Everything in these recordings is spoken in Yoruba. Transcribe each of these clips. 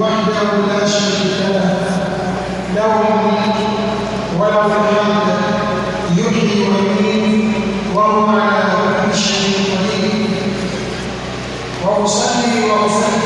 وحده لا شريك له له الملك وله الحمد يحيي ويميت وهو على كل شيء قدير واصلي واصلي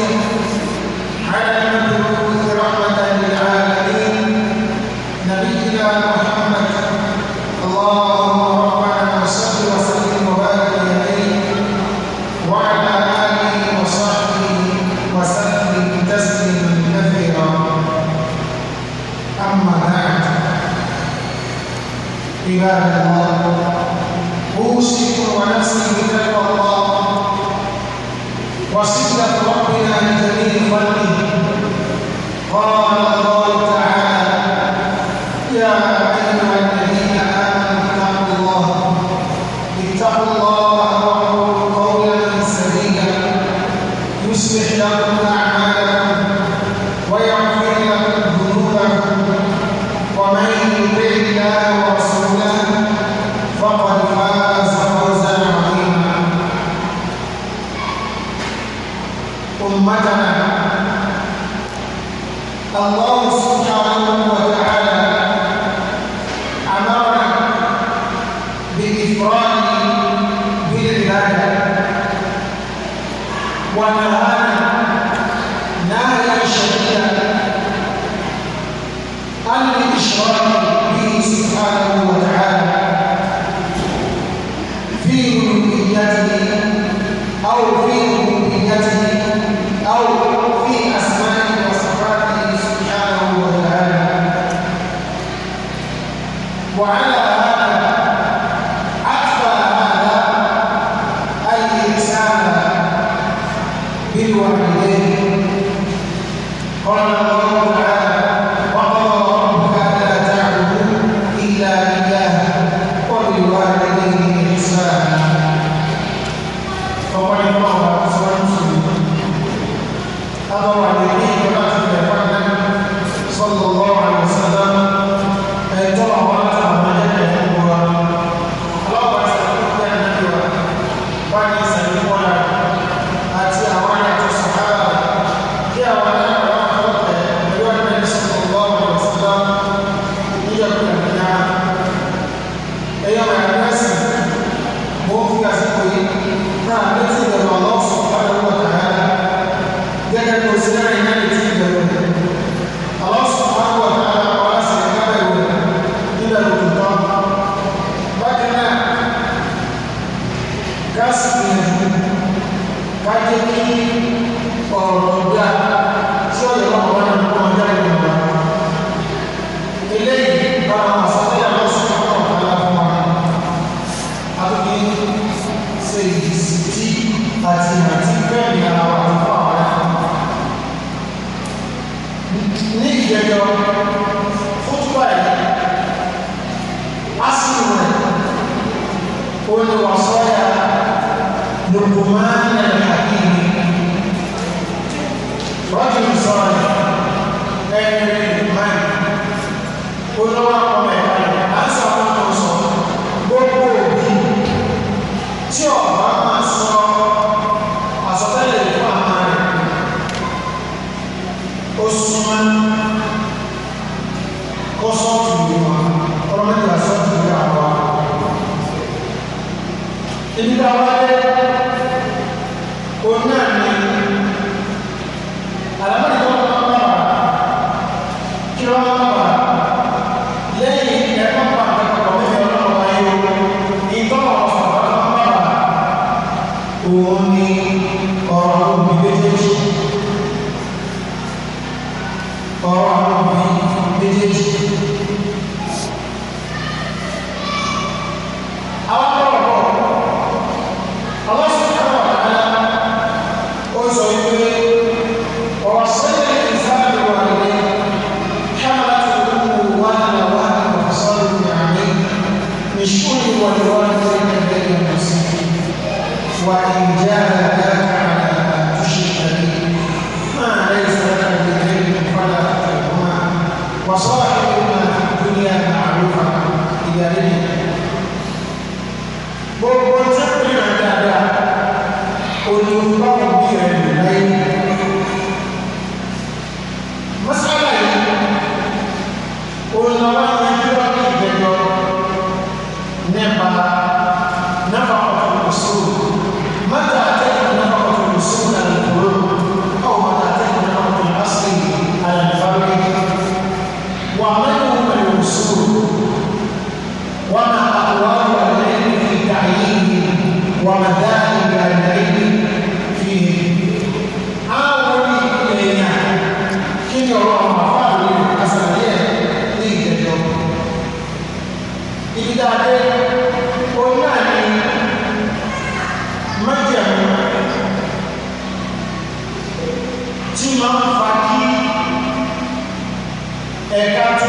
Eka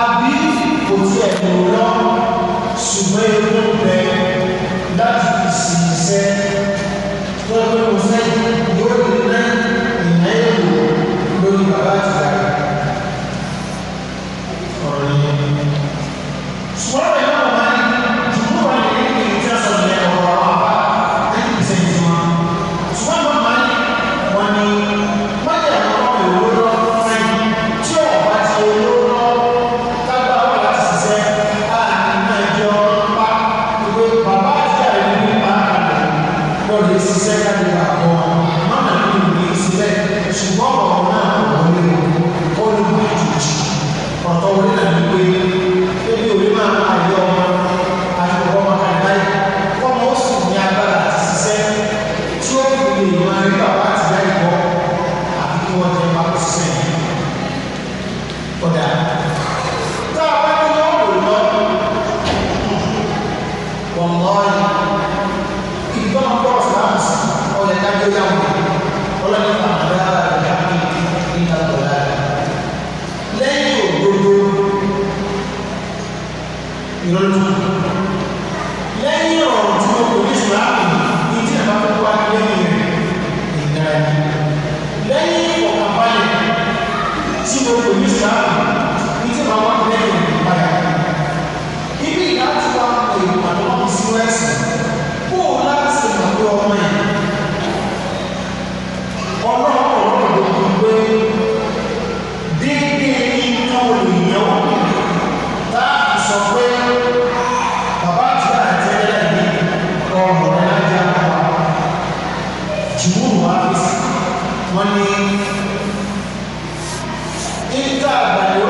àbí kò tí ẹ̀ lò lọ ṣùgbọ́n ewu ń bẹ láti fi sí iṣẹ́. hafiz wọ́n ní ìta àgbàdo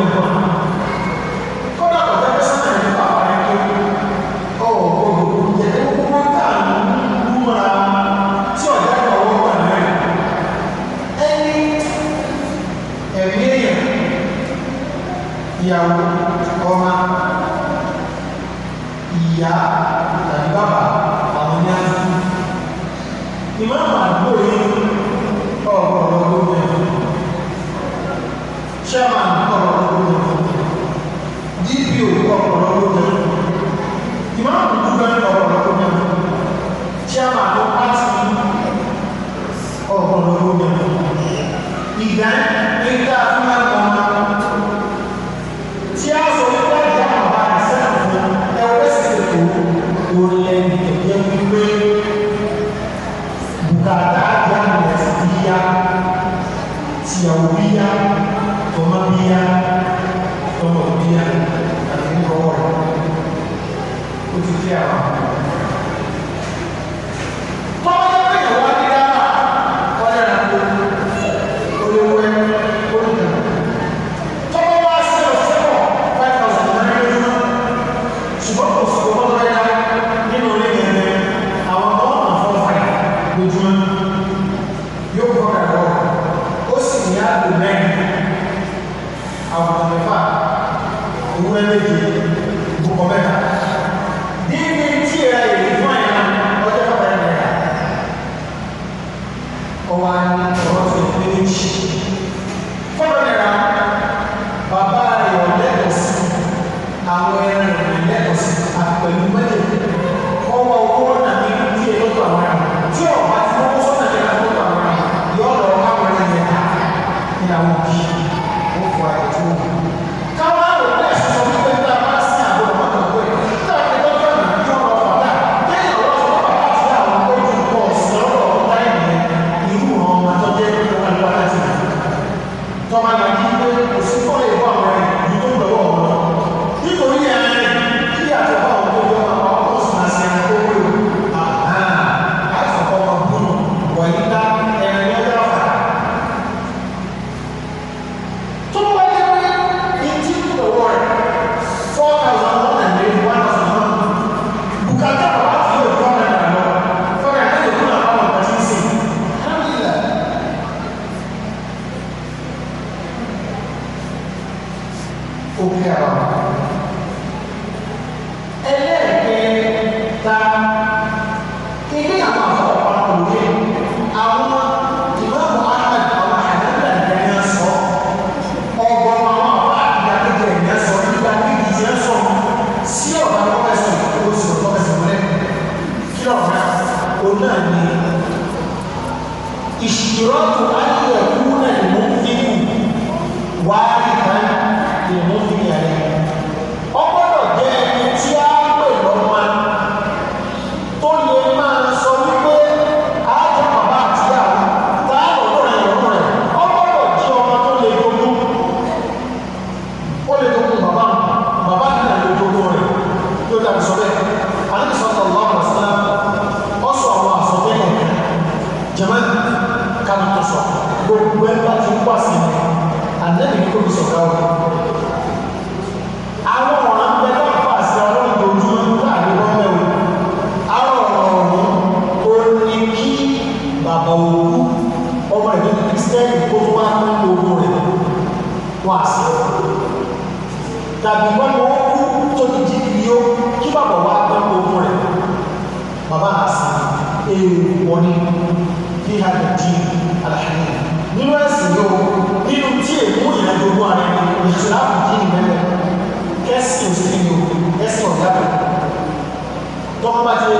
Thank you. tàbí wọn kò kú tó ti jí kiri yó kí bàbá wa gbọ́n ogun rẹ̀ bàbá àṣà èrò wọlé bí a lè di àlàyé nínú ẹ̀sìn yóò nínú tí èkó ìrìnàjò ogun ààrẹ ìṣẹ̀lẹ̀ àbùjí ìmẹ́lẹ̀ kẹ́sì òsì ni o ẹ̀sìn ọ̀gá rẹ̀ tọ́kọ́ bá ti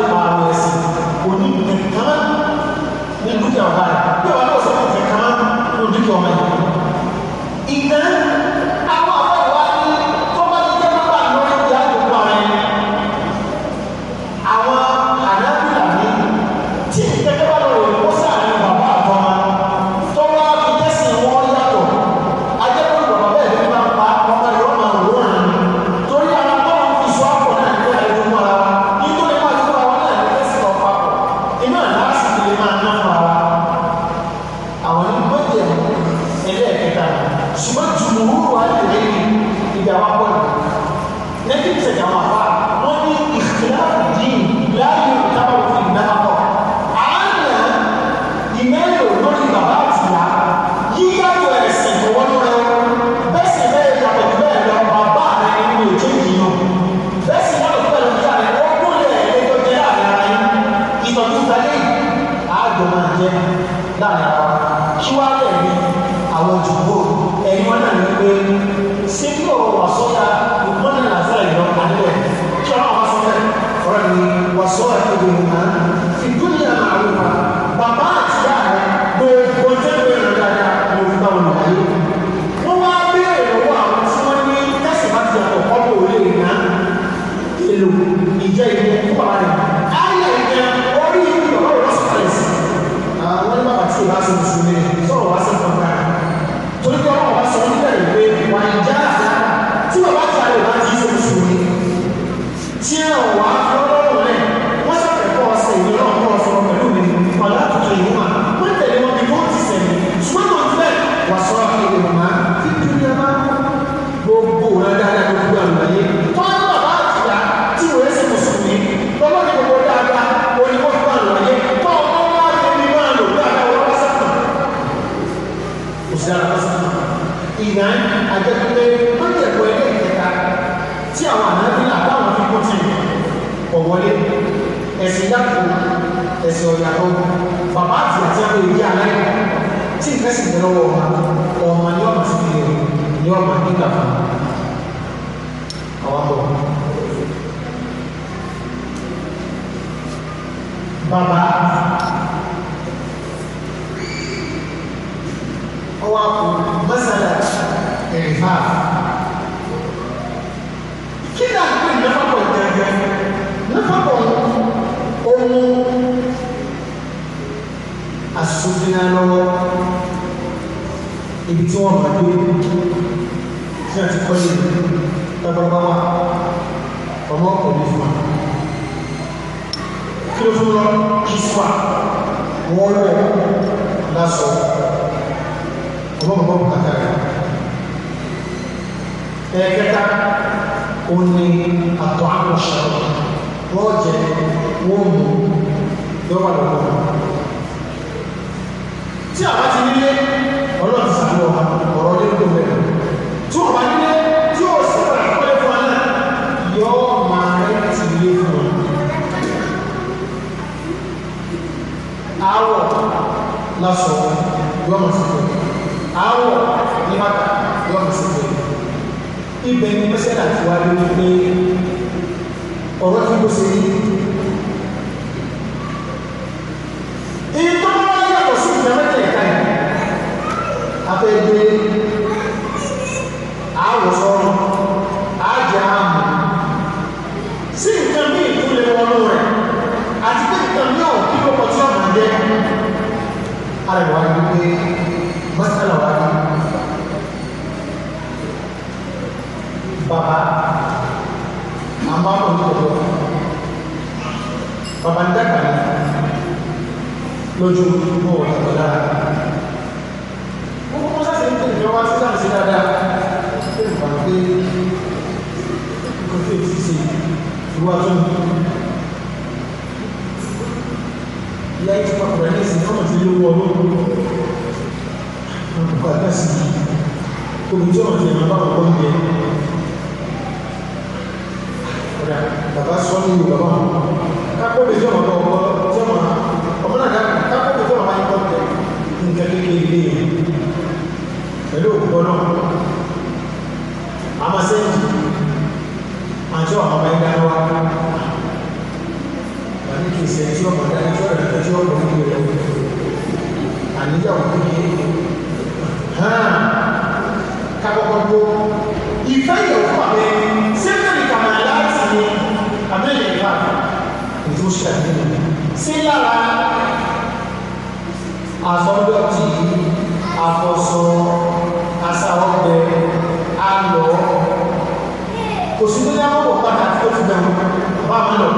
asọ́dọ̀tì afọ́sọ asáwọ́gbẹ alọ́ kò sí ní àwọn ọ̀pọ̀ pàtàkì tó ti dànù bá mi lọ.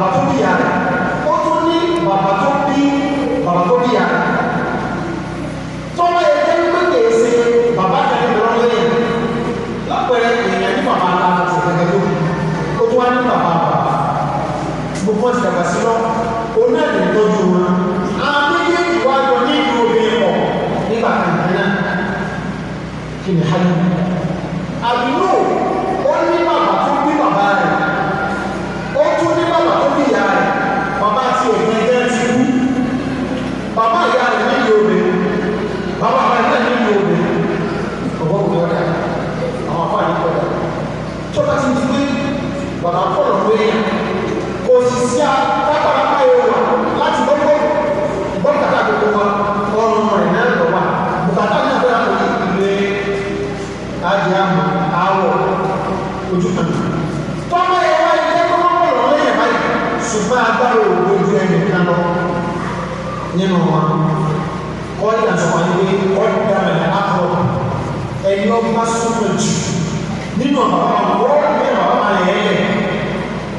bàbá tó bí ya rẹ̀ ó tún ní bàbá tó bí bàbá tó bí ya rẹ̀ tọ́lá yẹn tẹ́lú pé kìí ṣe bàbá kan ní lọ́rọ́ lẹ́yìn dàgbà sí lọ òun náà lè tọ́jú nínú wọn wọ́n yìí àti wọn ní wọ́n dára ní àpọ̀ ẹni ọba súnmọ̀ jù nínú ọ̀bàbà wọn wọ́n rí bẹ́ẹ̀ bàbá máa lẹ̀ ẹ́lẹ̀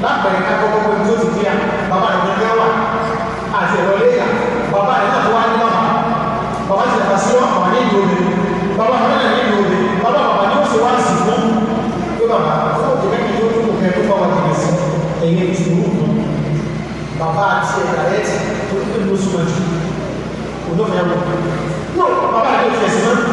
lápẹ̀rẹ̀ kákọ́kọ́ pé tó ti di à bàbá rẹ̀ tó dẹ́wà àti ẹ̀rọ lẹ́yà bàbá rẹ̀ náà tó wá ní bàbá bàbá ti dàgbà sí ọkọ̀ ní ìlú omi bàbá rẹ̀ náà ní ìlú omi bàbá ló súnmọ́ jù òun náà fẹ́ wọ̀. yóò bàbá àti ẹ̀sìn náà.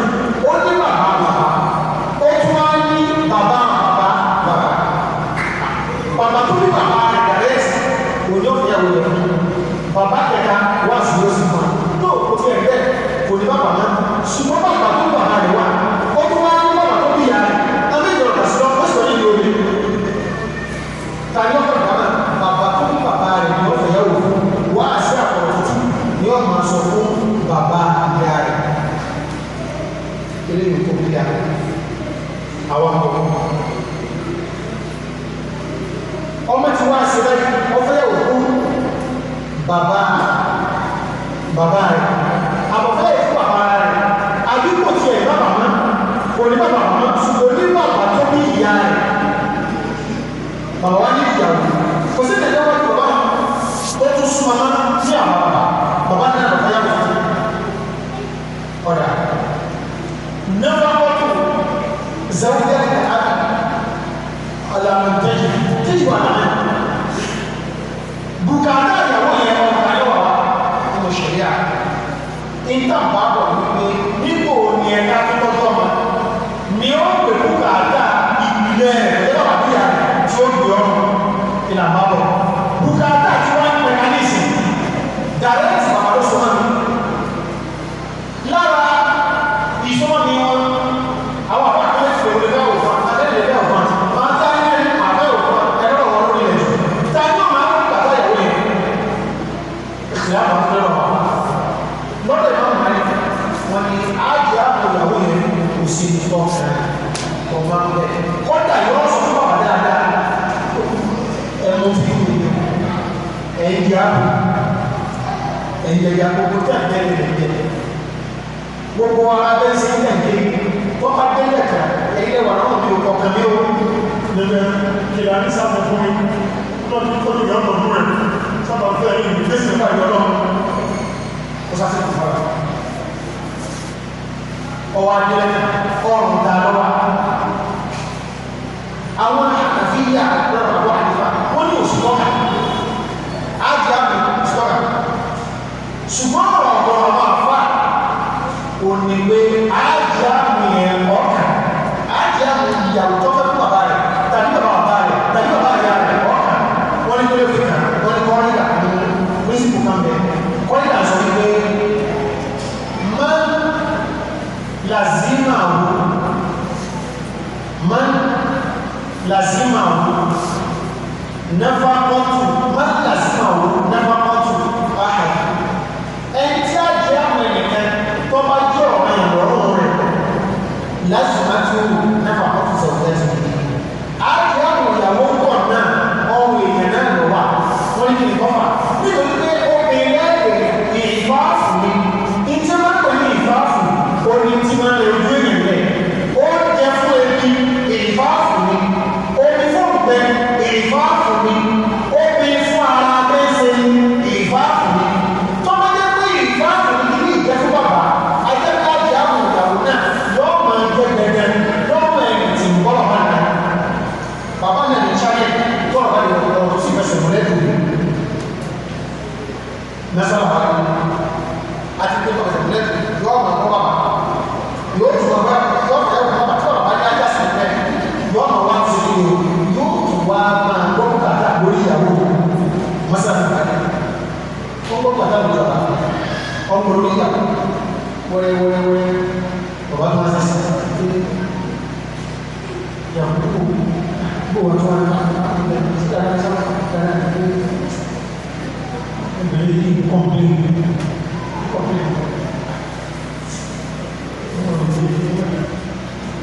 ọwọ́ adé lẹ́yìn.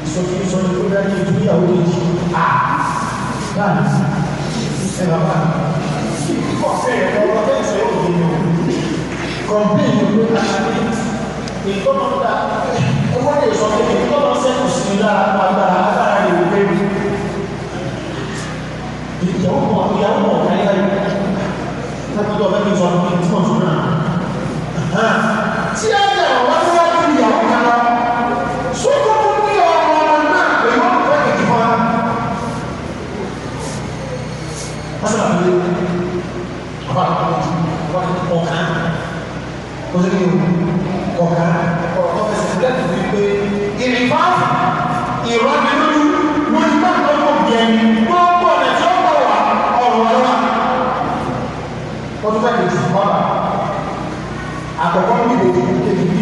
Isso aqui só de cuidar de dia hoje. Ah! Cara, ela vai. Você, coloca isso aí, Combine com a gente. E todo mundo dá. Eu vou dizer só que todo mundo sempre se dá a cara de bebê. Então, ó, e a mão, aí, aí. Tá tudo bem, só que não funciona. 違うじゃん、お前は来るよ、お前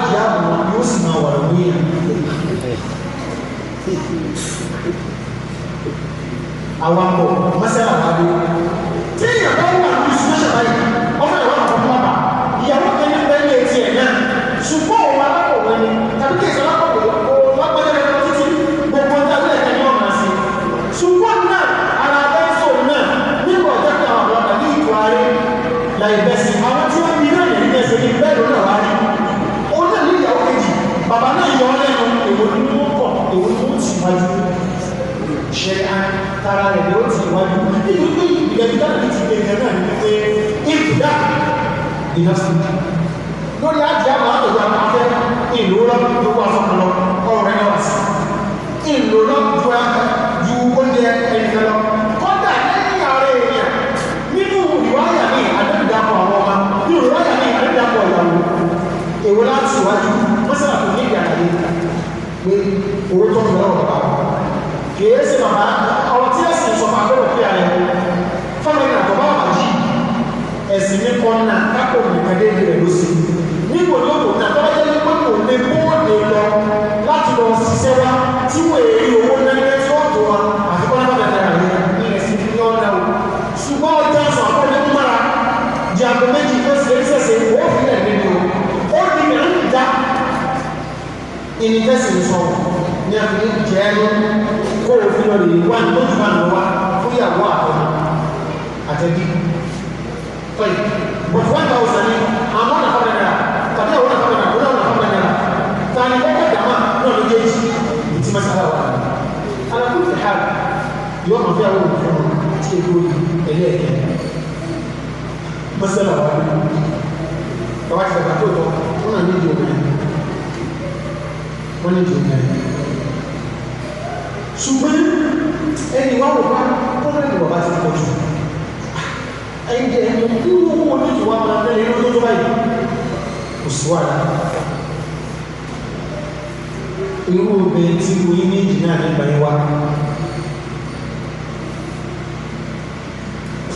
ájì ààbò yóò sì máa wà lórí yẹn. àwọn akọ mọ́sálà He doesn't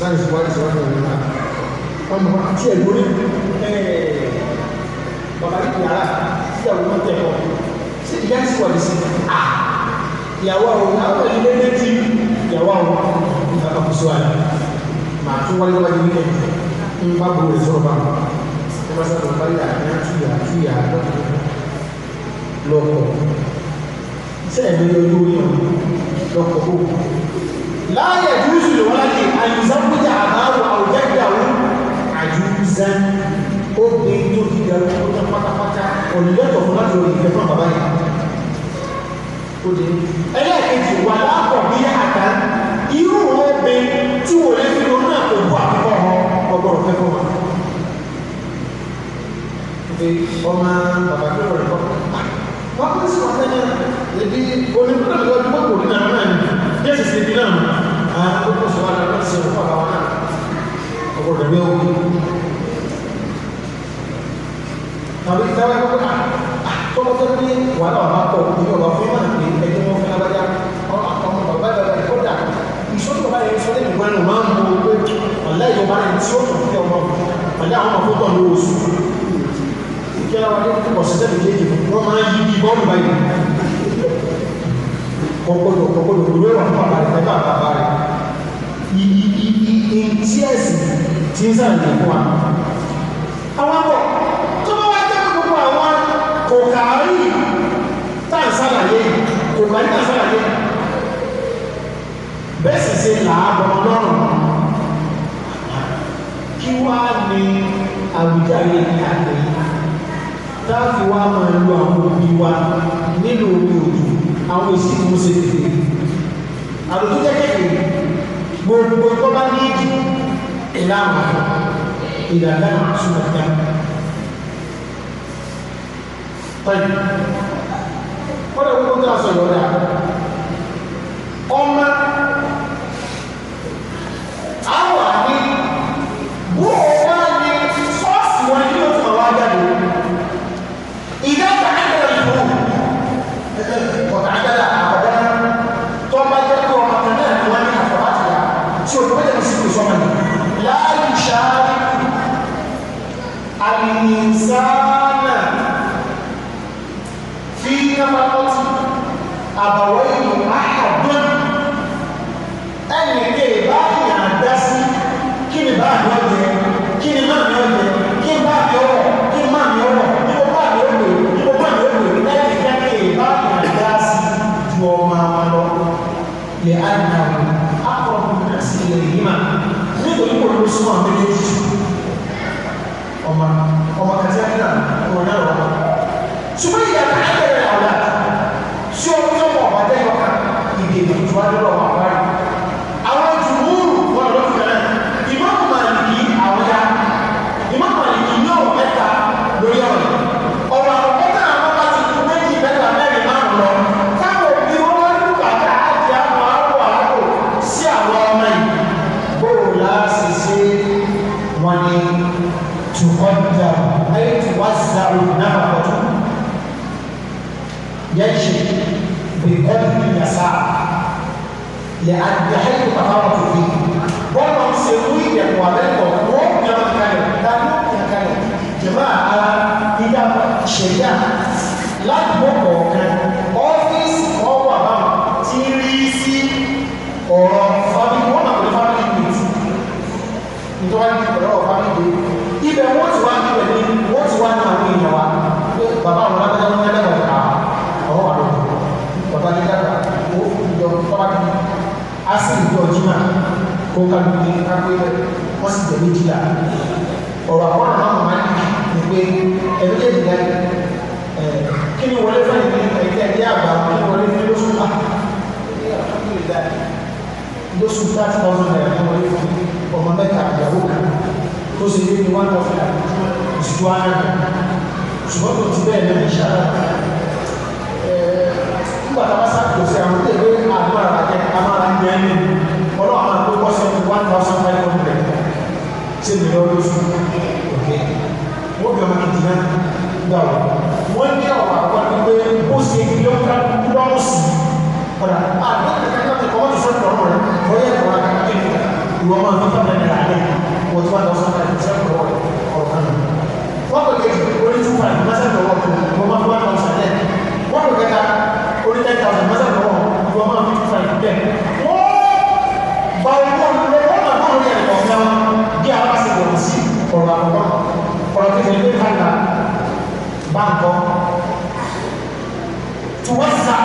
sáyẹnsì wà lẹsẹ wọn nìyẹn náà wọn mọ àti ẹ lórí bàbá yìí yàrá síyàwó náà tẹ ọ sí ìyá sí wà lẹsẹ à ìyàwó àwọn àwọn ilé ilé tí ìyàwó àwọn nípa kàkóso àná màá tún wáyé wáyé nílẹ̀ ń bá bọ̀ lẹsẹ ọba ẹ bá sábà bá yà ní láàyè júùsù lè wọ́lájì àyùzákújà àbáwò àwùjẹ́gbàwó àjùúzá ó gbé tó ti dàrú ọjọ́ pátápátá ọ̀lẹ́tọ̀ fún láti orí ìfẹ́ fún bàbá yìí ó dé ẹlẹ́ẹ̀kejì wà lápọ̀ bí àtà irú ọbẹ̀ tí wò lè fi lónà kò bú àkọ́kọ́ ọgbọ̀rọ̀ fẹ́ fún wa ọmọ bàbá tó rẹ̀ kọ́ wọ́n pèsè ọ̀sẹ̀ náà ebi onígbàgbọ́ ọdún mọ́kòrò náà náà ní yẹ́sì sí ibi náà ah gbogbo sọ wọn lọ sí ọkọ àwọn náà ọkọ rẹ lé wọn tàbí táwọn ẹgbẹ́ náà tọ́lọ́ tó ní wàhálà ọ̀nà àpọ̀ ìyá ọ̀nà fún náà ní ẹgbẹ́ wọn fún abájá ọmọ bàbá ìbàdàn kódà ìṣòro bá yẹn sọdẹ́ ìgbà ní máa ń mú owó ọ̀lẹ́ ìjọba ní tí ó tún fi ọmọ ọ̀lẹ́ àwọn ọmọ tó lọ oṣù ìkẹ́ wa ní púpọ̀ sí sẹ́mi léde wọ́n máa ń yí bí bọ́ọ̀lù báyìí kọ́kọ́lù kọ́kọ́lù ìwé wà fún àbàrẹ̀ iṣẹ́ ẹ̀sìn tí ń sàn ìdìbò wa. àwọn àbọ̀ tó bá wá jẹ́ gbogbo àwọn kò kàárí tá à ń sàlàyé kò kàárí tá à ń sàlàyé bẹ́ẹ̀ sì ṣe làábọ̀ ọlọ́run kí wá ní àwùjáde ìyáàgbé táàfù wa máa lu àwọn òbí wa nínú omi òdù àwọn èsì tó ń ṣe tètè àdókò الجامعة إذا كان مقصود الجامعة طيب ولو كنت أصل ولا ṣẹ̀dá ládùúgbò kọ̀ọ̀kan ọ́fíìsì kan wà báwọn tí ń rí sí ọ̀rọ̀ family one of the family unit nítorí wọn ti ọ̀rọ̀ family day ibẹ̀ wọ́n ti wá níbẹ̀ ní wọ́n ti wá ní àwọn èèyàn wa pé bàbá àwọn alágbèjà wọn lẹ́nu ọ̀gá ọ̀rọ̀ wà lọ́wọ́ bàbá ní dàgbà ó fi ìjọ bàbá ní asìn ìjọ jìnnà kó kálukú ní kápẹ́ wọ́n sì tẹ̀lé jìlá ọ̀rọ̀ àwọn àwọn máa ń pè é ẹ̀mí jẹ́ ìdá kí ni wọlé fún ìdí ẹ̀jẹ̀ ẹ̀jẹ̀ àgbà kí ni wọlé fún lóṣù náà lóṣù thirty thousand naira ní wọlé fún ọmọ mẹ́ta ìyàwó kan tó ṣe ní one thousand naira ìṣùjú ara ṣùgbọ́n tó ti bẹ́ẹ̀ ní ìṣàlá nígbà tá a bá sàkóso sí àwọn tẹ̀lé àmàrà jẹ àmàrà ń jẹ́ ní ọlọ́run àti ọkọ̀ sẹ́yìn one thousand five hundred ṣe mílíọ̀nù lóṣù wọ́n bí ọmọ gidi náà gbà wọ́n wọ́n ní ọ̀rọ̀ àwọn pé bó ṣe ilé ọ̀gá lọ́rùn sí ọ̀dà àdókòtò kẹta tó kọ́ tó sọ̀rọ̀ ọ̀rọ̀ rẹ̀ ọ̀yẹ́ ìwà kẹ́kẹ́ ìwọ máa fi fún ẹ̀rẹ̀ àlẹ́ wọ́n tó wà lọ sọ́kà ìṣẹ́kọ̀ọ́ ọ̀rọ̀ kan wọ́n kò kẹ́kẹ́ orí two five mọ́sẹ̀ lọ́wọ́ wọ́n máa fi wá lọ sọ́kà wọ́n kò kẹ́kẹ́ orí ten kueleweka bango tuwasa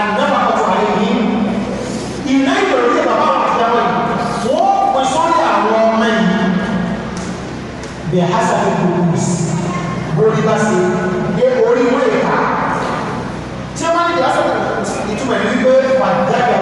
annafaqatu alayhim inayoje baba wa kiyawa wọ́n pè sórí àwọn ọmọ yìí bí hasafi kùkùbìs bórí bá ṣe dé orí wọ́n èka tí wọ́n ní bí hasafi kùkùbìs ìtumọ̀ ní wípé wà dábẹ́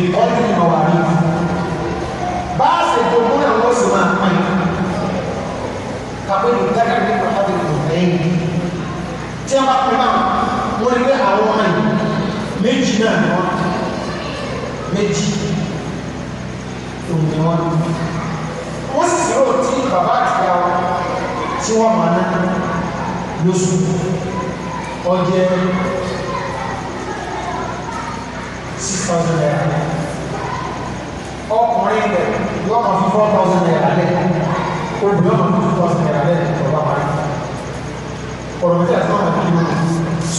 ìkọ́lù ìmọ̀wà rí bá a sì tó gbóná àwọn oṣù máa pa yìí kàwé ní gánà ní pàtàkì ìlú lẹ́yìn tí a bá pè máa wọ́n lé àwọn ọmọ yìí méjì náà ni wọ́n méjì ni wọ́n wọ́n sì rò tí bàbá àti ìyá wọn tí wọ́n máa ná lóṣù ọjẹ́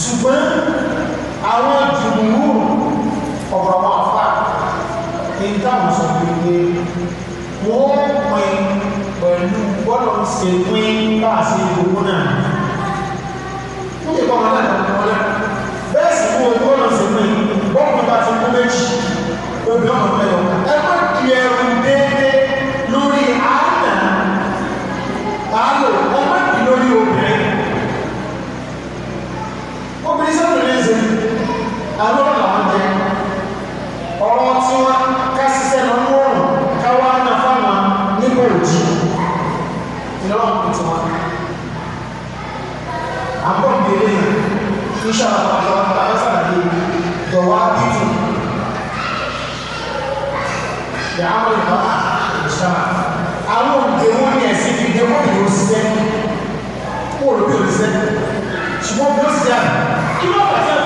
ṣùgbọ́n àwọn jùmùú ọ̀rọ̀ àwọn àfà ní táwọn sọ pé pé wọ́n pin pẹ̀lú gbọ́dọ̀ ṣe pín bá a ṣe àbọ̀ ìdílé yìí iṣẹ́ àpapọ̀ àbáṣàdé dọ̀wà bìtì ìyàwó ìbá ìṣàmà àwọn òǹdè wọn ní ẹ̀sìn fi dé wọn yóò ṣiṣẹ́ wọn ò lóbi òṣìṣẹ́ ṣùgbọ́n bí ó ṣiṣẹ́ kí ló bàjẹ́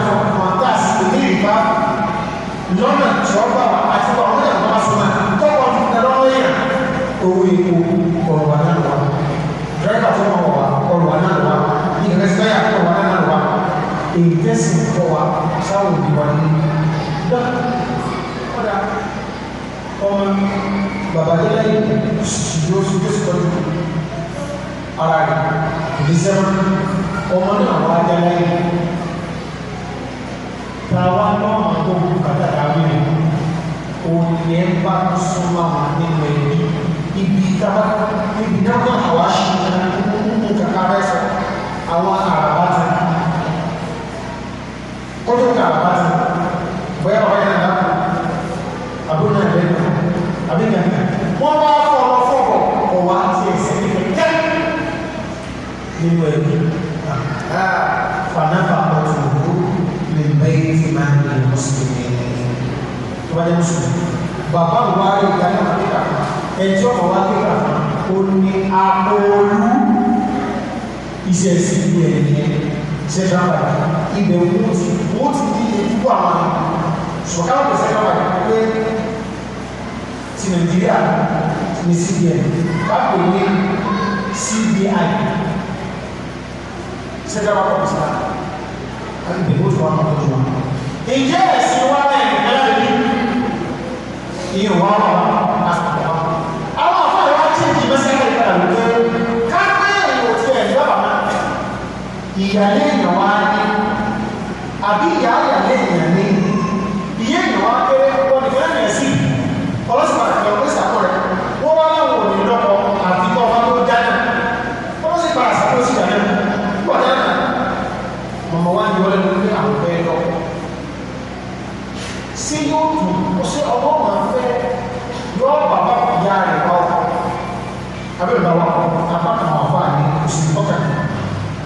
ìfá lọ́nà tí ó bá wà àti wà wọ́n yàgbọ́n asọ́nà tọ́wọ́ ti tẹ lọ́wọ́ yà owó epo ọ̀rọ̀ wà náà wà dírẹ́kà tó mọ̀ wà ọ̀rọ̀ wà náà wà ìrẹsìlẹ́yà ọ̀rọ̀ wà náà wà èyí tẹ̀sí kọ́ wa sáwọn òbí wa ní. ọ̀dà ọmọ bàbá yẹlẹ yìí ṣùgbọ́n ṣùgbọ́n ṣùgbọ́n ara rẹ̀ kò ní sẹ́wọ́n ọmọ náà wà á yẹlẹ yìí tàwa náà máa tó kú kátàkà wíwì òní ẹ̀ ń bá tó súnmọ́ àwọn nínú ẹ̀mí ibi tábà ibi dáná àwa ṣe ń kàkà rẹ̀ sọ àwọn àràbàtà kọ́tù kàràbàtà bóyá ọ̀rẹ́ ẹjọ́ ọmọ wa kí wà ó ní akóolú ìṣẹ̀sí ní ẹ̀yẹ central bank ibẹ̀ wọ́n ti wọ́n ti di ìdúgbò àwọn ṣọ̀káwọ̀ tó central bank pé ti nàìjíríà ní cbn kápò ní cbi central bank of islam láti bẹ̀rẹ̀ oṣù àwọn ọmọdé wọn. ǹjẹ́ ẹ̀sìn wa náà ẹ̀ka lẹ́yìn ìyẹn wà wà. ìyá lẹ́yìn wá ní àbí ìyá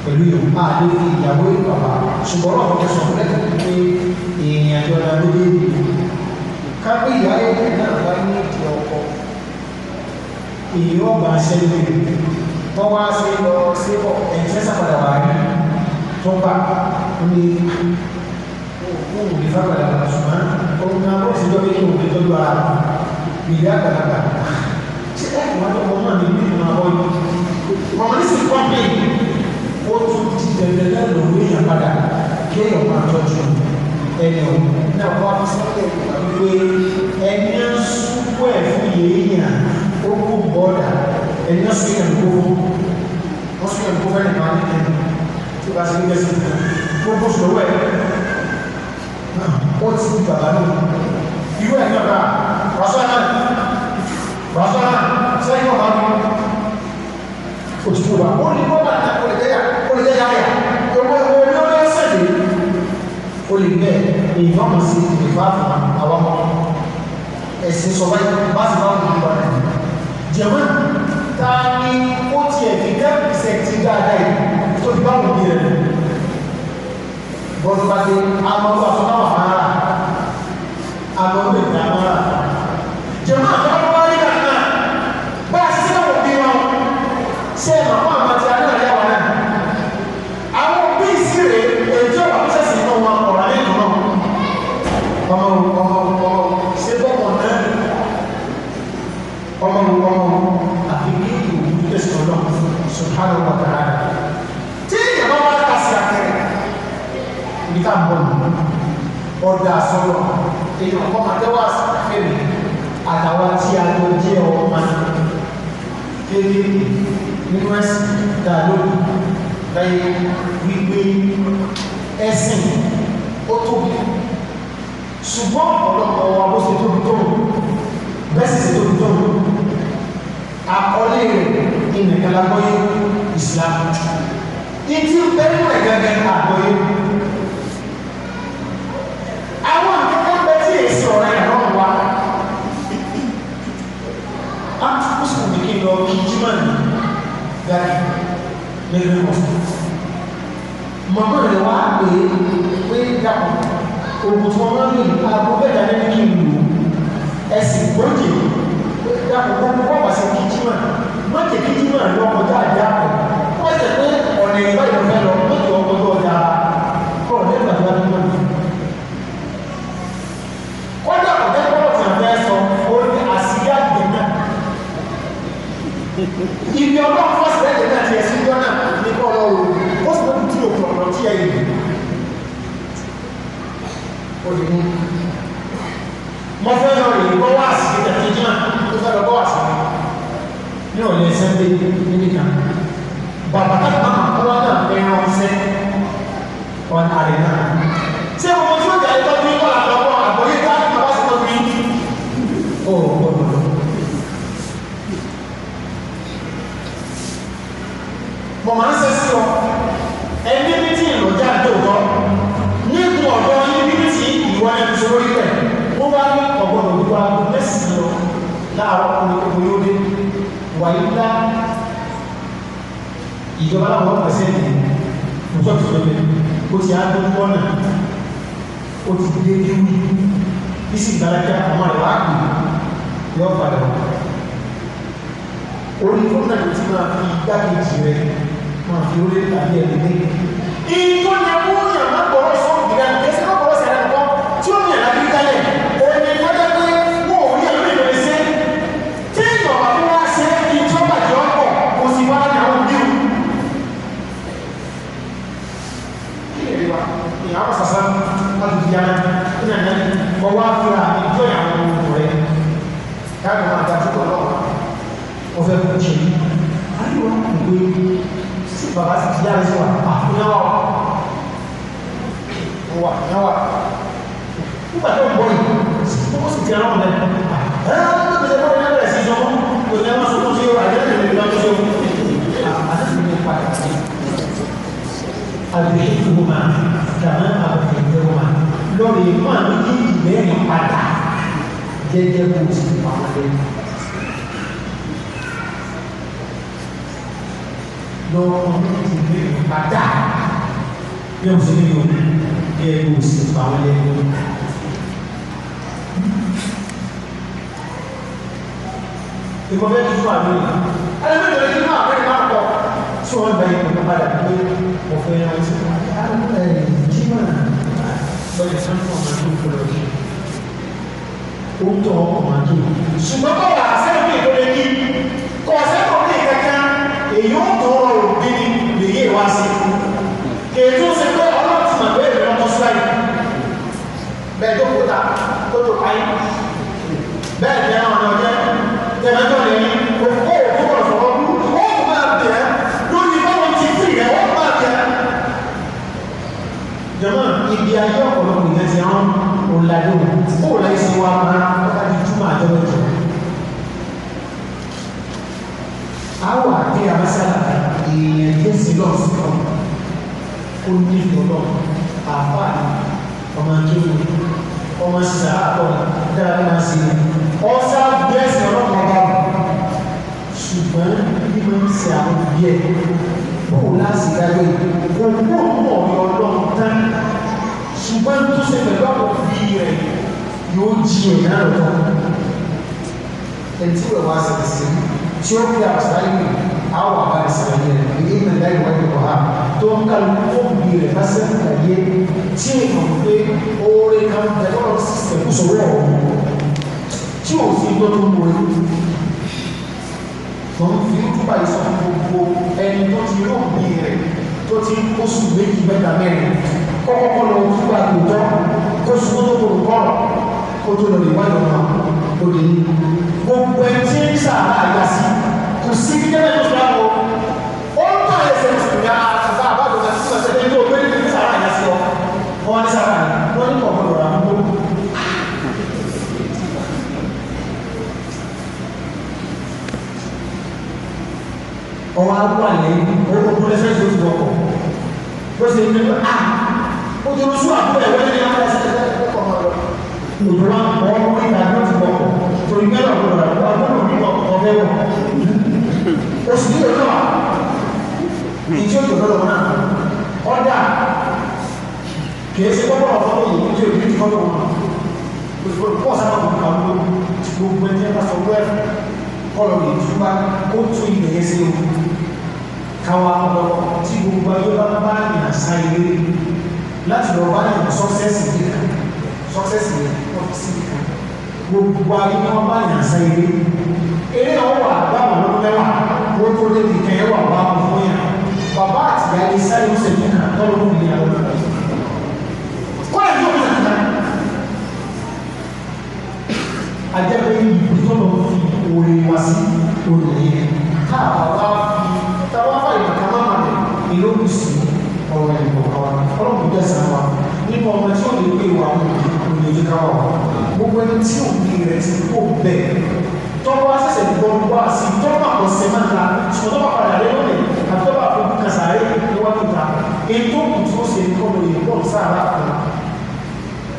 pẹ̀lú ìlú àdó fi ìyàwó ìlú bàbá ṣùgbọ́n ọ̀rọ̀ ti sọ lẹ́tọ̀ pé èèyàn jọra ló dé ìlú kápẹ́ ìyáyé rẹ̀ náà bá ní ìdí ọkọ èyí ọgbà ṣẹlẹ̀ wọ́n wá sí lọ sí ọ̀ ẹ̀jẹ̀ sàpadà wà ní tó bá ní òkú ní sàpadà wà ṣùgbọ́n òun náà bọ́ sí lọ́wọ́ ìlú òun tọ́jú ara ìyá àgbàlagbà ṣé láì wọ́n tó kọ́ náà ní ìlú ìlú àwọn ọmọ ní sì pọ́ńpì ó tún ti dẹ̀dẹ̀ náà lò ní èèyàn padà kí èèyàn máa tọ́jú ẹni ọ̀ náà wọ́n á fi sọ́kẹ̀ wípé ẹni ń súnkọ́ ẹ̀ fún yéèyàn ó kó bọ́ọ̀dà ẹni ń sún yàn kó wọ́n sún yàn kó fẹ́ nípa ní ẹni tí wọ́n ti ń bẹ́ sí kó bó sọ̀rọ̀ ó ti di bàbá náà irú ẹ̀ náà bá wàásù àná wàásù àná sẹ́yìn ọ̀bá náà òtútù wa ó ní bọ́ọ̀dà àtàkùn ẹ̀jẹ̀ yàrá jáyà owó owó lọ́sẹ̀dẹ̀ o lè bẹ̀ èyí wọ́n mọ̀ sí ìfà àfọ̀mọ́ àwọn ọmọ ẹ̀sìn sọ báyìí bá sì bá wọn lọ rẹ̀ jẹ̀mọ́ ta ni ó tiẹ̀ fi ten percent dáadáa yìí tó fi bá wọn bí rẹ̀ bọ́dún bá dé àmọ́ wà fún àwọn àmàrà àmọ́ bẹ̀rẹ̀ ní àmàrà jẹ̀mọ́ àtàwọn wáyé kàkà bá a sí àwọn òbí wọn ṣe é màmá àmàtí alẹ́. ọ̀dà sọ̀rọ̀ èèyàn kọ́ máa tẹ́wọ́ àsìkò mi àtàwọn tí a lọ jẹ́ ọmọ kéde nínú ẹ̀sìn dà lóbi láyé wípé ẹ̀sìn ó tóbi ṣùgbọ́n ọ̀pọ̀lọpọ̀ wa bó ṣe tóbi tó bẹ́ẹ̀ sì ṣe tóbi tó àkọlé ìnìkan lágbóyé ìsìlámù ìtí bẹ́ẹ̀ nínú ẹ̀gẹ́gẹ́ àgbóyé Jimani gàdí lẹ́nu ọ̀fọ̀ mọ̀mọ́ rẹ̀ wá pé pé dàpọ̀ ogun tí wọ́n máa ń lò aago bẹ́ẹ̀ dání ní kí n lò ẹ̀sìn gbọ́dẹ̀ dàpọ̀ gbogbo wọ́n wà sí kí Jimani má jẹ́ kí Jimani lọ́kọ̀ọ́ta àdàpọ̀ wọ́n jẹ́ pé ibi ọlọ́run fọ́sì lẹ́jẹ̀ náà ti ẹ̀sìn jọ náà ní kọ́ ọlọ́run ó sì lọ́dún tí òkú ọ̀rọ̀ tí ẹ̀yìn olùmú mo fẹ́ lọ rè é bọ́wọ́ àsìkè tàbí jẹ́ tó fẹ́ lọ bọ́wọ́ àsìkè ní ọ̀lẹ́ sẹ́ńdé níbi kan bàbá tó máa kọ́ náà ẹran ọ̀sẹ̀ ọ̀nà àrẹ̀ náà ṣé wọ́n mọ̀ máa ń ṣe sí ọ ẹni bí tí ìlọ́jà dòótọ́ nígun ọ̀dọ́ yín bí tí ìwọ ẹni tó lórí rẹ̀ wọ́n bá ní ọ̀gbọ́n òwúwa mẹ́sìn lọ láàárọ̀ ọkùnrin yóò dé wàyí ńlá ìjọba làwọn ọmọ ẹsẹ̀ ní ọjọ́ tó lọ bẹ́ẹ̀ ó ti á tó ń bọ́ náà ó ti dé bí wí bí sì gbàlájà ọmọ rẹ̀ wá kù yọ padà orí fún náà máa fi igbákejì rẹ̀ wọn fi orí tàbí ẹni dé. ìjọ yẹn mú yàn má gbọ́rọ̀ sọ́ọ̀ gíga ẹsẹ̀ má gbọ́rọ̀ sẹ́yà nìkan tí ó yàn lábí kálẹ̀ ẹni fọ́jọ́ pé wọ́n ò rí ẹ̀rọ ìrẹ̀lẹ̀ sẹ́ tí èèyàn bá fún wa ṣe ìjọ bàjẹ́ ọkọ̀ kò sì wá ní àwọn bíu. ìyá wọn sàṣà wọn ti di ara ìyá yẹn kọ wá fúra ìjọ yà wọn ò rẹ káàdùn àtàkùn ọlọ́wọ́ wọn fẹ́ kú ṣe bàbá sì ti yára sí wa àfihàn não wa yẹn wa nígbà um ń bọ̀ yìí ó sì ti ara wọn lẹ ẹ ẹ ó ti sẹ́kọ̀ọ́ ní ẹgbẹ̀rẹ̀ sí sọ́kọ́ kò ní ẹwà sọ́kọ́ sí ó àjẹ́ ìrìn ìrìn àjọṣe ó àti sì ní pa àgbẹ̀ ìlú ma dàmẹ́ àbẹ̀fẹ̀ ìlú ma lórí ìmọ̀ àmì kí ìgbẹ́ ìpadà jẹ́jẹ́ bó ti pa lọ ìdílé bàtà bí o ṣe ní o bí ẹ kò sì fà wọn lẹ́nu. ìkọ̀ bẹ́ẹ̀ tuntun àná yìí ẹlẹ́mìí tó ti máa fẹ́ẹ́ máa kọ tí wọ́n gba ìpè padà pé mo fẹ́ yẹn wọ́n ti fún mi. àwọn ẹ̀ lọ́yẹ̀ sọ́nù ọ̀gá tó ń fọlọ́ yìí ó ń tọ́ ọ̀gá tó. ṣùgbọ́n kọ́ wà sẹ́yìn tó kọ́ sẹ́yìn tó èyí ó tọ́ ọ ọmọ kéwù ọmọ sísá àpọ̀ dáadáa sí i ọ̀sá bẹ́ẹ̀sì ọlọ́pàá bá wù ṣùgbọ́n bí wọ́n ń ṣe àwọn òbí ẹ̀ bóun láti dájọ́ yìí kò kúrò mú ọ̀yọ́ ọlọ́run tán ṣùgbọ́n tó ṣe pẹ̀lú àwọn òbí rẹ̀ yóò jí ẹ̀ náà lọ́tọ̀ ẹ̀ tí wọ́n wá sí i tí ó fi àwọn sáyé àwọn àbá ìsàlẹ̀ rẹ̀ èyí ń bẹ̀rẹ̀ ìwà ìwà ha tó ń ká lóko bí rẹ̀ bá sẹ́yìn láyé tí èèyàn pé oore kan tẹ̀lé ọ̀rọ̀ sísè kó sọ̀rọ̀ ẹ̀ wọ̀ tí ò fi gbọ́ tó ń wọlé tó ń fi túbà yìí sọ fún gbogbo ẹni tó ti rò bí rẹ̀ tó ti oṣù méjì mẹ́ta mẹ́rin kọ́kọ́kọ́ lọ túbà lòótọ́ kó sún tó kò kọ́ kó tó lọ lè wáyọ̀ náà ó lè ní gbogbo ẹni tí ń sábà yà sí kùsìkì jẹ́ mẹ́tò fún àwọn ó ń tà ẹsẹ̀ ìsìnkú àtàtà àbájọ àti sísọ ṣe kí ló gbé ní sára yẹn sí ọ wọn ní sára yẹn wọn ní kọ̀ọ̀kan lọ́ra ń gbó. ọwọ́ agbó àlẹ́ owó kúlẹ̀ fẹ́ẹ́ tó ti wọ́pọ̀ bó ṣe ń gbé ah ojú oṣù àbúrò ẹ̀wọ́ ní ọkọ̀ oṣù tí yóò wà ní tí ó tó lọ́wọ́ náà ọ̀dà kìí ṣe pọ́pọ́ ọ̀fọ́ yìí tí ó bí ti fọ́pọ́ òṣùpọ̀ pọ̀ sábà kò kà ló gbogbo ẹni ẹ̀ka sọ wẹ́ẹ̀ kọlọ̀ lè tún bá ó tún ilẹ̀ yẹn sí ewu káwa lọ tí gbogbo ayé bá bá láti lọ bá yàn sọ́sẹ́sì yìí sọ́sẹ́sì yìí ọ́fíìsì yìí gbogbo ayé bá yàn sá ilé eré àwọn wà báwọn débi kẹ́ ẹ wà wá fún yà bàbá àtìyá yìí sáré ó sèké náà tọ́lọ́ fún mi àwọn ọ̀rọ̀ yìí. wọ́n yóò fi àná ajẹ́pẹ́ yìí tó lọ fi òòrè wá sí òòrè yẹn ká bàbá fi táwa fà yìí kàmá mà ní ìlú òsì ọ̀rọ̀ yìí kọ̀ọ̀kan wa ọlọ́run jẹ́ sàn wa nípa ọmọ tí ó lè pè wá òòrè yìí káwá gbogbo ẹni tí òbí rẹ̀ ti kó bẹ́ẹ̀ tọ́wọ́ àṣẹ̀ṣẹ̀ nìkan wá sí tọ́wọ́ àkọsẹ̀ máa ta ṣùgbọ́n tọ́wọ́ padà lé lọ́lẹ̀ àti tọ́wọ́ àfojú kàṣàrẹ́ níwájú ta ètò kù tí ó ṣe nìkan lè pọ̀ sára kan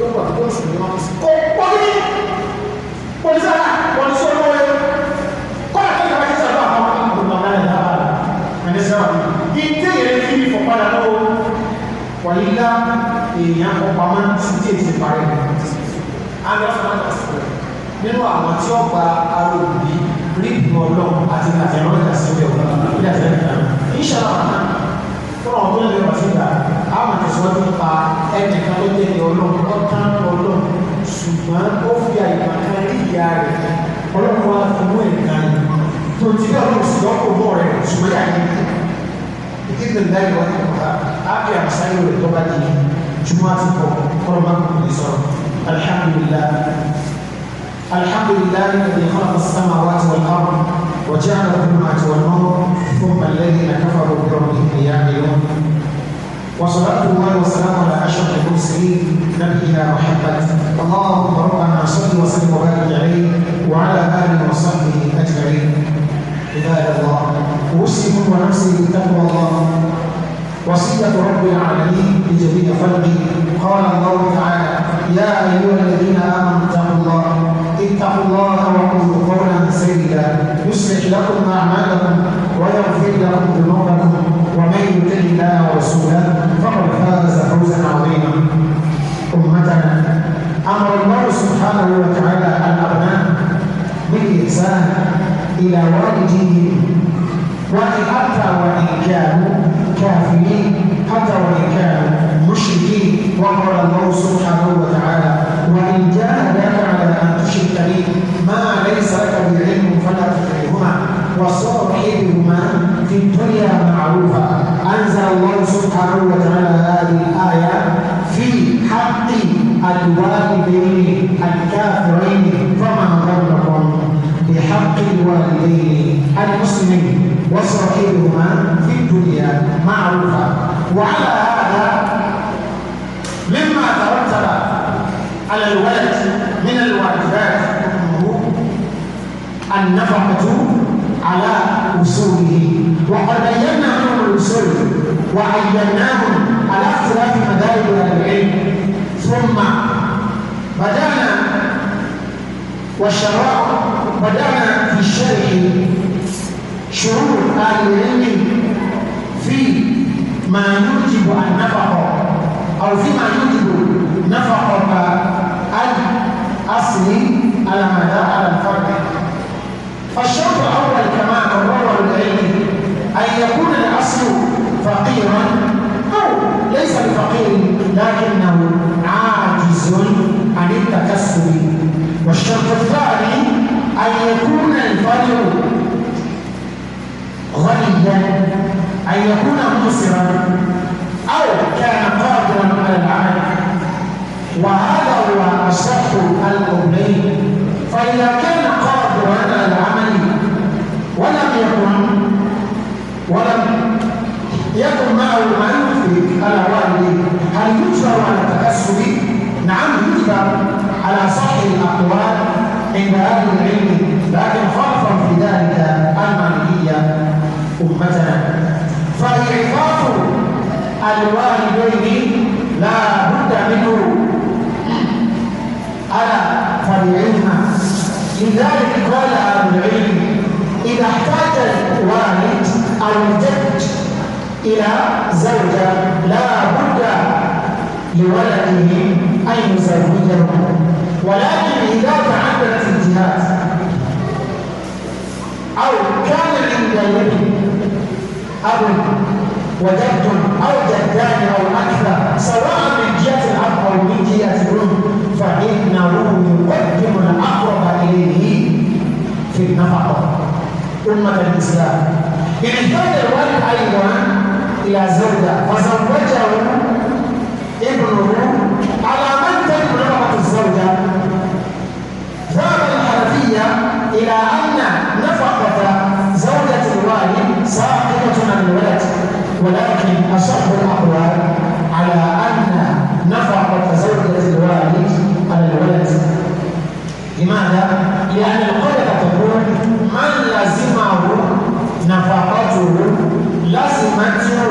ó wà tó ń sùn ní wọn sí. kò pọ́lí pọ́lísà wọn sọ lọ́wọ́ ẹ kọ́lá tó yàrá ṣe sábà àwọn àgbọ̀nmọ̀ náà yà á ẹni sábà ìdí yẹn fi ìfọ̀padà lọ́wọ́ wàyílá èèyàn ọ̀pamọ́ sí tí èsì parí àgbàfọ̀ nínú àwọn tí ó gba ara òbí rí ìgbìmọ̀ ọlọ́run àti àtẹ̀rán ìjà sí ilé ọ̀gá ìjà sí ilé ọ̀gá ìṣàlá ọ̀gá fúnra ọ̀gbọ́n ilé ọ̀gá sí ìgbà a máa tẹ̀síwájú nípa ẹnì kan tó tẹ̀lé ọlọ́run lọ́tàn ọlọ́run ṣùgbọ́n ó fi àyíká kan rí ìyá rẹ̀ ọlọ́run wa fi mú ẹ̀ka ni tó ti bẹ́ẹ̀ lọ sí ọkọ̀ bọ̀ rẹ̀ ṣùgbọ́n yà ní ìdílé láì wọ́n الحمد لله الذي خلق السماوات والارض وجعل الظلمات والنور ثم الذين كفروا بربهم يعملون وصلاة الله وسلامه على أشرف المرسلين نبينا محمد اللهم ربنا صل وسلم وبارك عليه وعلى آله وصحبه أجمعين عباد الله أوصيكم ونفسي بتقوى الله وصية رب العالمين لجميع خلقه قال الله تعالى يا أيها الذين آمنوا اتقوا الله وقولوا قولا سيدا يصلح لكم اعمالكم ويغفر لكم ذنوبكم ومن يطع الله ورسوله فقد فاز فوزا عظيما امتنا امر الله سبحانه وتعالى الابناء بالاحسان الى والديهم وان اتى وان كانوا كافرين حتى وان وعلى هذا مما ترتب على الولد من الواجبات النفقة على أصوله وقد بينا لهم الوصول وعيناهم على اختلاف مذاهب اهل العلم ثم بدأنا والشراء بدأنا في شرح شروط اهل العلم ما يوجب النفقة أو فيما يوجب نفقة الأصل على مدى على الفرد فالشرط الأول كما قرره العلم أن يكون الأصل فقيرا أو ليس بفقير لكنه عاجز عن التكسب والشرط الثاني أن يكون الفرد غنيا أن يكون مسرا أو كان قادرا على العمل وهذا هو أصح القولين فإذا كان قادرا على العمل ولم يكن ولم يكن معه من في الأوائل هل يجبر على التكسب؟ نعم يجبر على صحيح الأقوال عند أهل العلم لكن الوالدين لا بد منه ألا فليعلم لذلك قال أهل العلم إذا احتاج الوالد او الجد إلى زوجة لا بد لولده أن يزوجه ولكن إذا تعددت الجهات أو كان عند اليد أب وجدتم أو جدان أو أكثر سواء من جهة الأب أو من جهة الأم فإنه يقدم الأقرب إليه في النفقة أمة الإسلام احتاج الولد أيضا إلى زوجة فزوجه ابنه على من منتج نفقة الزوجة ذهب الحنفية إلى أن نفقة زوجة الوالد ساقطة عن الولد ولكن أصح الأقوال على أن نفقة زوجة الوالد على الولد لماذا؟ لأن القاعدة تقول من لزمه نفقته لازمته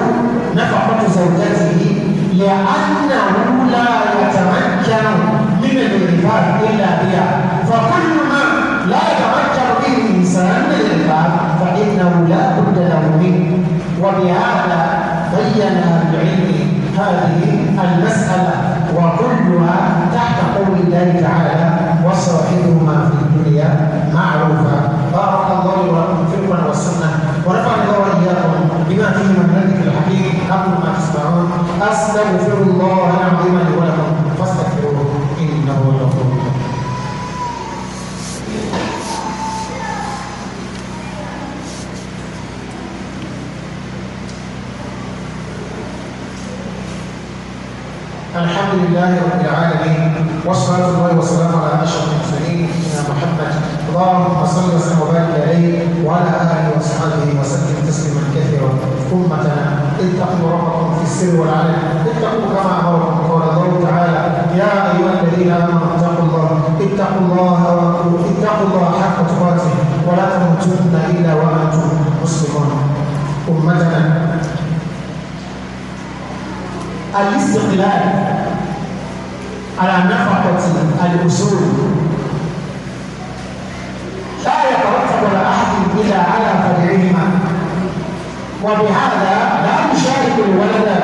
نفقة زوجته لأنه لا يتمكن من الإنفاق إلا بها فكل ما لا يتمكن به الإنسان من الإنفاق فإنه لا بد له منه وبهذا بين اهل العلم هذه المساله وكلها تحت قول الله تعالى وصاحبهما في الدنيا معروفا بارك الله لي ولكم في القران والسنه ونفعني الله واياكم بما فيه من ذلك الحكيم قبل ما تسمعون استغفر الله العظيم لي ولكم السر والعلن اتقوا كما قال الله تعالى يا ايها الذين امنوا اتقوا الله اتقوا الله اتقوا الله حق تقاته ولا تموتن الا وانتم مسلمون امتنا الاستقلال على نفقه الاصول لا يترتب على احد الا على فدعهما وبهذا لا نشارك الولد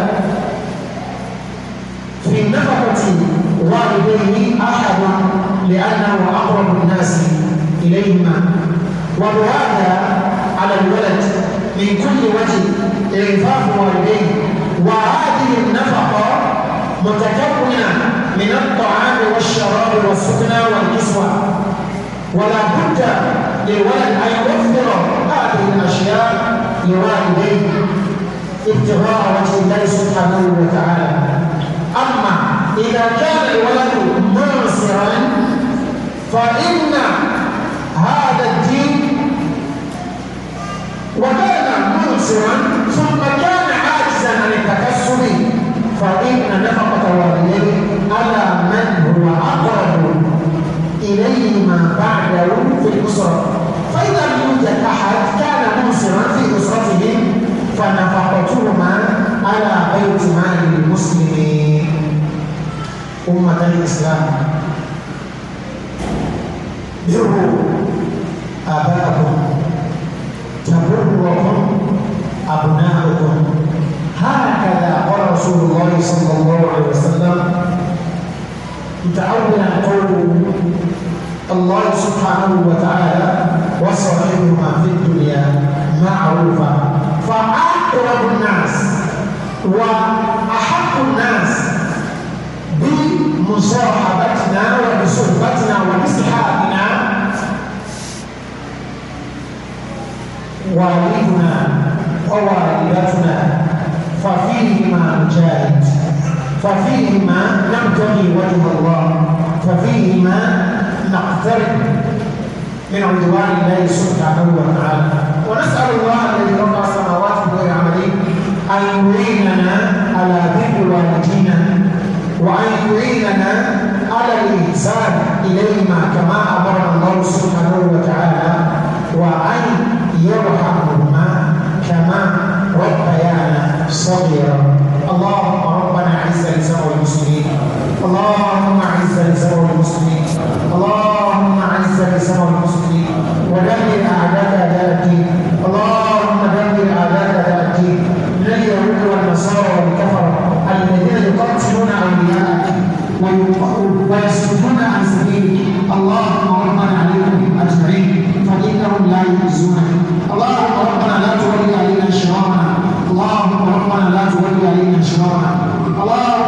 والديه أحد لأنه أقرب الناس إليهما وبهذا على الولد من كل وجه إنفاق والديه وهذه النفقة متكونة من الطعام والشراب والسكنى والكسوة ولا بد للولد أن يوفر هذه الأشياء لوالديه ابتغاء وجه الله سبحانه وتعالى أما إذا كان الولد معسرا فإن هذا الدين وكان معسرا ثم كان عاجزا عن التكسب فإن نفقة والديه على من هو أقرب إليهما بعده في الأسرة فإذا لم يوجد أحد كان معسرا في أسرته فنفقة الإسلام بروا آباءكم تبركم أبناؤكم هكذا قال رسول الله صلى الله عليه وسلم متعودا قول الله سبحانه وتعالى وصاحبهما في الدنيا معروفا فأقرب الناس وأحق الناس بصاحبتنا وبصحبتنا وباصحابنا والدنا ووالدتنا ففيهما نجاهد ففيهما نبتغي وجه الله ففيهما نقترب من عدوان الله سبحانه وتعالى ونسأل الله الذي رفع السماوات بغير عمله أن يريننا على ذكر والدينا وأن يعيننا على الإحسان إليهما كما أمرنا الله سبحانه وتعالى وأن يرحمهما كما ربيانا صغيرا اللهم ربنا أعز الإسلام والمسلمين اللهم أعز الإسلام والمسلمين اللهم أعز الإسلام والمسلمين ودمر أعداءك أعداء الدين اللهم دمر أعداءك أعداء الدين يرد النصارى والكفر الذين يقتلون اولياءك ويصدون عن سبيلك اللهم ربنا عليهم اجمعين فانهم لا يؤذونك اللهم ربنا لا تولي علينا شرارنا اللهم ربنا لا تولي علينا شرارنا اللهم